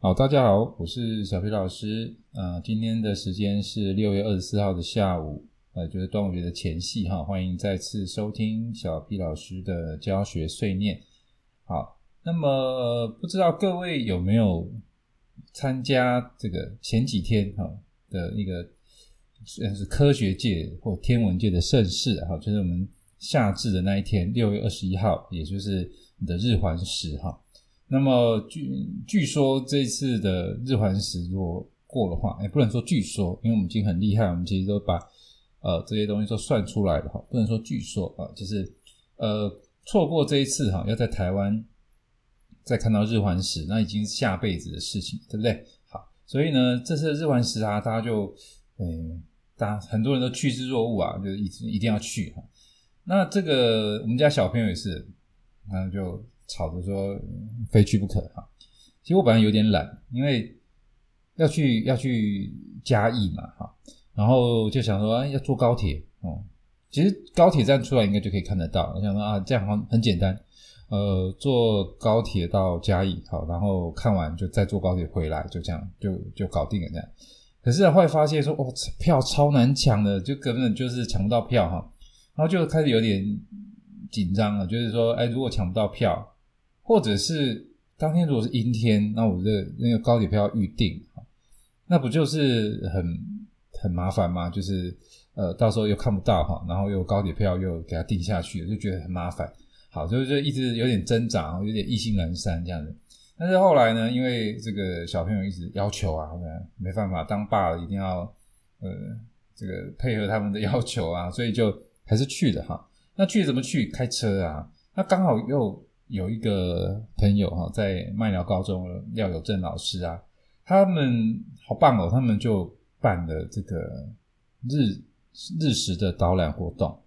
好，大家好，我是小皮老師。呃，今天的時間是六月二十四號的下午，呃，就是端午節的前夕哈、哦。歡迎再次收聽小皮老師的教學碎念。好，那麼不知道各位有沒有參加這個前幾天哈、哦、的一個雖然是科學界或天文界的盛事哈、哦，就是我們夏至的那一天，六月二十一號，也就是你的日環食哈。哦那麼據據說這一次的日環食如果過的話，也、欸、不能說據說，因為我們已經很厲害，我們其實都把呃這些東西都算出來了哈，不能說據說啊，就是呃錯過這一次哈、啊，要在台灣再看到日環食，那已經是下輩子的事情，對不對？好，所以呢，這次的日環食啊，大家就、欸、大家很多人都趨之若鶩啊，就一定一定要去哈。那這個我們家小朋友也是，那就。吵着說非去不可哈，其實我本來有點懶，因為要去要去嘉義嘛哈，然後就想說哎、啊，要坐高鐵哦，其實高鐵站出來應該就可以看得到，我想說啊，這樣好像很簡單，呃，坐高鐵到嘉義好，然後看完就再坐高鐵回來，就這樣就就搞定了這樣。可是、啊、後來發現說，哦，票超難搶的，就根本就是搶不到票哈，然後就開始有點緊張了，就是說，哎，如果搶不到票。或者是當天如果是陰天，那我這那個高鐵票要預定，那不就是很很麻煩嗎？就是呃，到時候又看不到哈，然後又高鐵票又給他訂下去，就覺得很麻煩。好，所以就一直有點掙扎，有點意興闌珊這樣子。但是後來呢，因為這個小朋友一直要求啊，沒辦法，當爸的一定要呃這個配合他們的要求啊，所以就還是去的哈。那去怎麼去？開車啊，那剛好又。有一個朋友哈，在麥寮高中廖友正老師啊，他們好棒哦，他們就辦了這個日日食的導覽活動，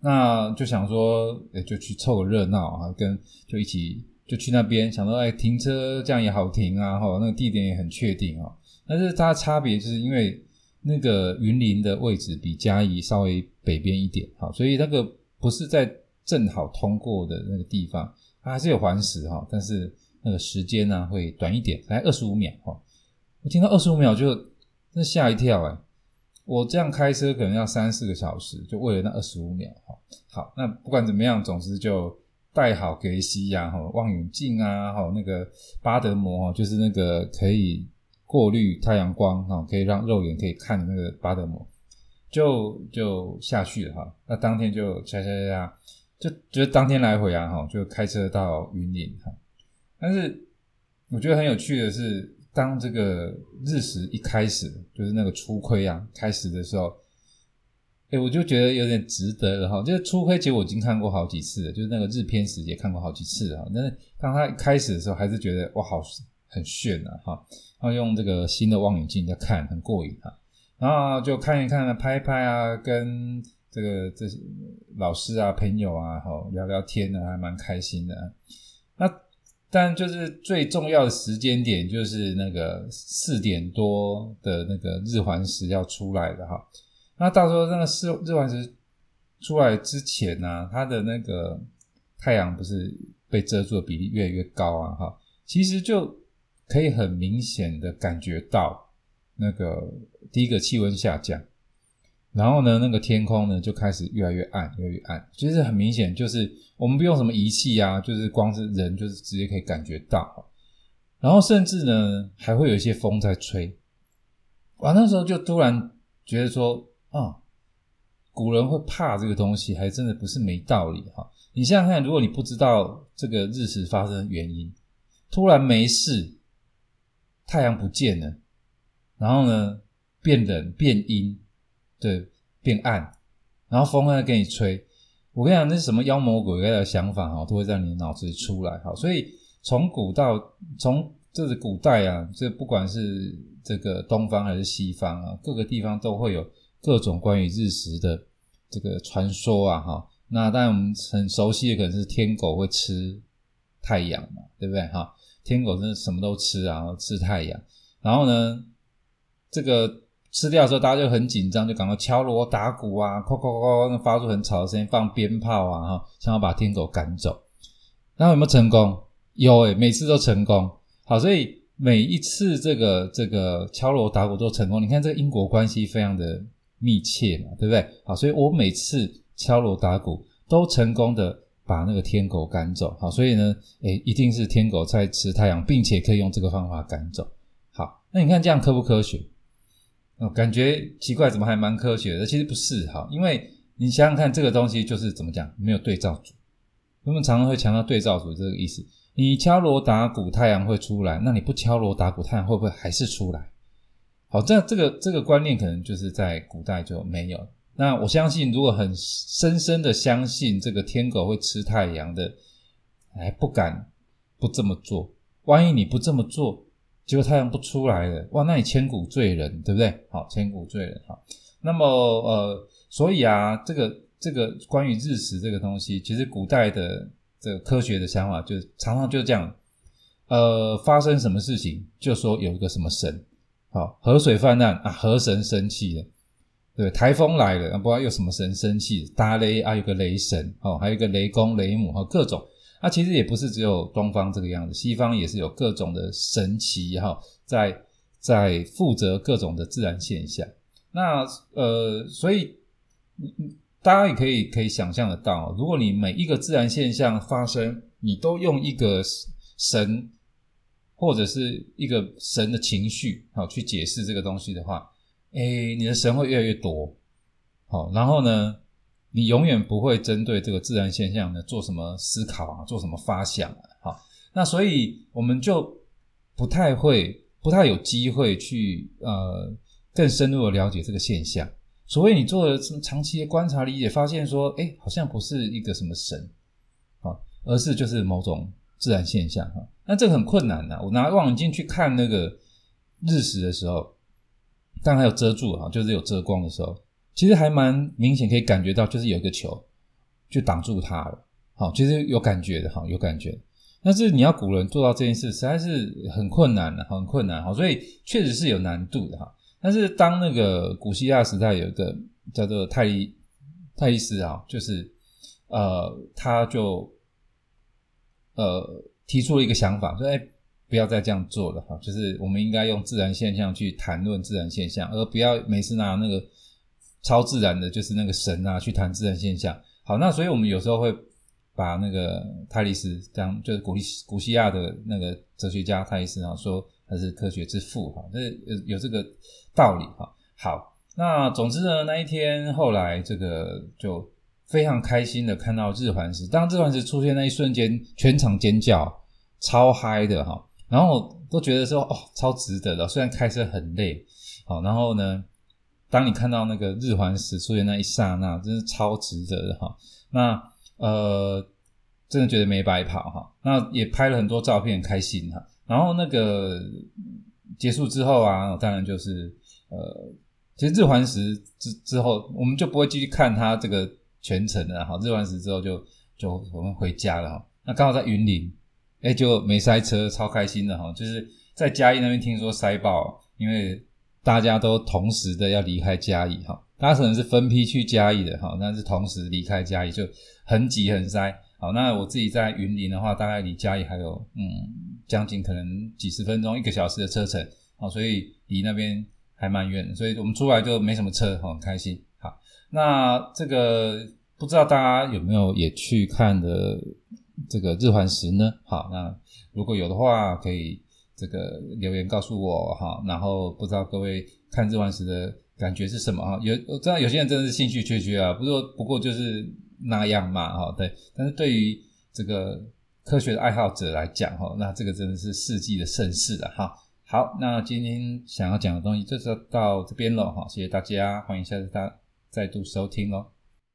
那就想說、欸，就去湊個熱鬧啊，跟就一起就去那邊，想說哎，停車這樣也好停啊。哈、哦，那個地點也很確定啊、哦，但是它的差別就是因為那個雲林的位置比嘉義稍微北邊一點，好、哦，所以那個不是在。正好通過的那個地方，它還是有環食哈，但是那個時間呢會短一點，才二十五秒哈。我聽到二十五秒就那嚇一跳哎、欸！我這樣開車可能要三四個小時，就為了那二十五秒哈。好，那不管怎麼樣，總之就帶好隔息呀，哈，望遠鏡啊，哈，那個巴德膜就是那個可以過濾太陽光哈，可以讓肉眼可以看的那個巴德膜，就就下去了哈。那當天就拆拆拆。就覺得當天來回啊，哈，就開車到雲林。哈，但是我覺得很有趣的是，當這個日食一開始，就是那個初虧啊開始的時候，哎、欸，我就覺得有點值得了哈。這個初虧其實我已經看過好幾次了，就是那個日偏食也看過好幾次啊。但是當它開始的時候，還是覺得哇，好很炫啊哈。然後用這個新的望遠鏡在看，很過癮啊。然後就看一看拍一拍啊，跟。這個這些老師啊、朋友啊，哈，聊聊天呢、啊，還蠻開心的、啊。那但就是最重要的時間點，就是那個四點多的那個日環食要出來的哈。那到時候那個日日環食出來之前呢、啊，它的那個太陽不是被遮住的比例越來越高啊，哈。其實就可以很明顯的感覺到那個第一個氣溫下降。然後呢，那個天空呢就開始越來越暗，越來越暗。其實很明顯，就是我們不用什麼儀器啊，就是光是人就是直接可以感覺到。然後甚至呢，還會有一些風在吹。啊，那時候就突然覺得說，啊，古人會怕這個東西，還真的不是沒道理哈。你想想看，如果你不知道這個日食發生的原因，突然沒事，太陽不見了，然後呢變冷變陰。對，變暗，然後風還在給你吹，我跟你講，那是什麼妖魔鬼怪的想法哈，都會在你腦子裡出來哈。所以從古到從這個古代啊，就不管是這個東方還是西方啊，各個地方都會有各種關於日食的這個傳說啊哈。那當然我們很熟悉的可能是天狗會吃太陽嘛，對不對哈？天狗真的什麼都吃啊，吃太陽。然後呢，這個。吃掉的時候，大家就很緊張，就趕快敲鑼打鼓啊，哐哐哐哐，發出很吵的聲音，放鞭炮啊，哈，想要把天狗趕走。那有沒有成功？有誒，每次都成功。好，所以每一次這個這個敲鑼打鼓都成功。你看這個因果關係非常的密切嘛，對不對？好，所以我每次敲鑼打鼓都成功的把那個天狗趕走。好，所以呢，誒，一定是天狗在吃太陽，並且可以用這個方法趕走。好，那你看這樣科不科學？哦，感覺奇怪，怎麼還蠻科學的？其實不是哈，哦，因為你想想看，這個東西就是怎麼講，沒有對照組。我們常常會強調對照組這個意思。你敲鑼打鼓，太陽會出來，那你不敲鑼打鼓，太陽會不會還是出來？好，這樣這個這個觀念可能就是在古代就沒有了。那我相信，如果很深深的相信這個天狗會吃太陽的，還不敢不這麼做。萬一你不這麼做，結果太陽不出來了，哇！那你千古罪人，對不對？好，千古罪人。好，那麼呃，所以啊，這個這個關於日食這個東西，其實古代的這個科學的想法就，就常常就這樣，呃，發生什麼事情就說有一個什麼神，好，河水泛濫啊，河神生氣了，對，台風來了，啊，不知道有什麼神生氣，打雷啊，有個雷神，哦，還有一個雷公雷母和各種。它、啊、其實也不是只有東方這個樣子，西方也是有各種的神祇哈、哦，在在負責各種的自然現象。那呃，所以大家也可以可以想象得到，如果你每一個自然現象發生，你都用一個神或者是一個神的情緒、哦、去解釋這個東西的話，哎，你的神會越來越多。好、哦，然後呢？你永遠不會針對這個自然現象呢，做什麼思考啊，做什麼發想啊，好，那所以我們就不太會，不太有機會去呃更深入的了解這個現象。所以你做了這麼長期的觀察理解，發現說，哎、欸，好像不是一個什麼神，好，而是就是某種自然現象哈。那這個很困難的、啊，我拿望遠鏡去看那個日食的時候，當它有遮住啊，就是有遮光的時候。其實還蠻明顯，可以感覺到，就是有一個球就擋住他了。好，其實有感覺的，哈，有感覺。但是你要古人做到這件事，實在是很困難的，很困難哈，所以確實是有難度的哈。但是當那個古希臘時代有一個叫做泰泰勒斯啊，就是呃，他就呃提出了一個想法，說哎，不要再這樣做了哈，就是我們應該用自然現象去談論自然現象，而不要每次拿那個。超自然的，就是那個神啊，去談自然現象。好，那所以我們有時候會把那個泰利斯，當就是古古希臘的那個哲學家泰利斯啊，說他是科學之父哈，這有、就是、有這個道理哈。好，那總之呢，那一天後來這個就非常開心的看到日環食，當日環食出現那一瞬間，全場尖叫，超嗨的哈。然後我都覺得說，哦，超值得的，雖然開車很累，好，然後呢。當你看到那個日環食出現那一剎那，真是超值得的哈！那呃，真的覺得沒白跑哈！那也拍了很多照片，很開心哈！然後那個結束之後啊，當然就是呃，其實日環食之之後，我們就不會繼續看它這個全程了哈。日環食之後就就我們回家了哈。那剛好在雲林，哎、欸，就沒塞車，超開心的哈！就是在嘉義那邊聽說塞爆，因為。大家都同時的要離開嘉義哈，大家可能是分批去嘉義的哈，但是同時離開嘉義就很擠很塞。好，那我自己在雲林的話，大概離嘉義還有嗯將近可能幾十分鐘、一個小時的車程，好，所以離那邊還蠻遠的，所以我們出來就沒什麼車，很開心。好，那這個不知道大家有沒有也去看的這個日環食呢？好，那如果有的話可以。這個留言告訴我哈，然後不知道各位看這玩意時的感覺是什麼哈？有，我知道有些人真的是興趣缺缺啊，不過不過就是那樣嘛哈。對，但是對於這個科學的愛好者來講哈，那這個真的是世紀的盛事了，啊、哈。好，那今天想要講的東西就是到這邊了哈，謝謝大家，歡迎下次大家再度收聽哦。